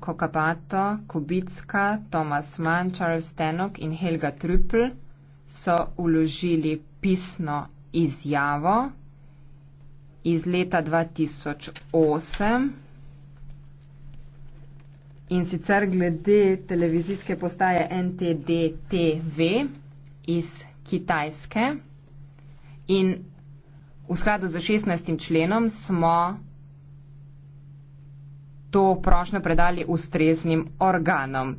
Kokabato, Kubicka, Tomas Mann, Charles Stenok in Helga Trüppel so uložili pisno izjavo iz leta 2008 in sicer glede televizijske postaje NTDTV iz Kitajske. In v skladu z 16. členom smo to prošnjo predali ustreznim organom.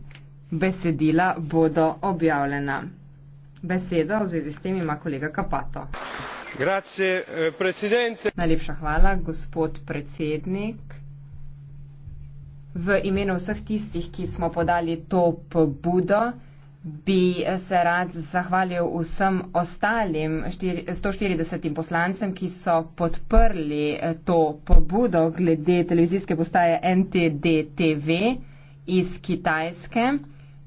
Besedila bodo objavljena. Besedo v zvezi s tem ima kolega Kapato. Grazie, eh, Najlepša hvala, gospod predsednik. V imenu vseh tistih, ki smo podali to pobudo, bi se rad zahvalil vsem ostalim 140 poslancem, ki so podprli eh, to pobudo glede televizijske postaje NTDTV iz Kitajske.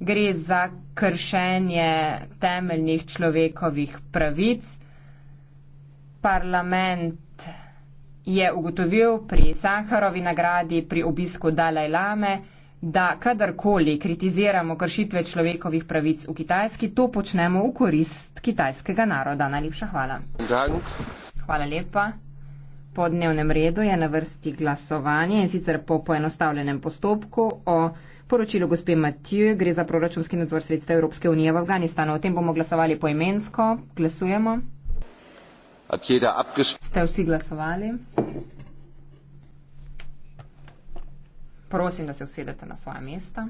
Gre za kršenje temeljnih človekovih pravic. Parlament je ugotovil pri Saharovi nagradi, pri obisku Dalajlame, da kadarkoli kritiziramo kršitve človekovih pravic v Kitajski, to počnemo v korist kitajskega naroda. Najlepša hvala. Hvala lepa. Po dnevnem redu je na vrsti glasovanje in sicer po poenostavljenem postopku o poročilu gospe Matiju. Gre za proračunski nadzor sredstva Evropske unije v Afganistanu. O tem bomo glasovali poimensko. Glasujemo. Ste vsi glasovali? Prosim, da se usedete na svoje mesto.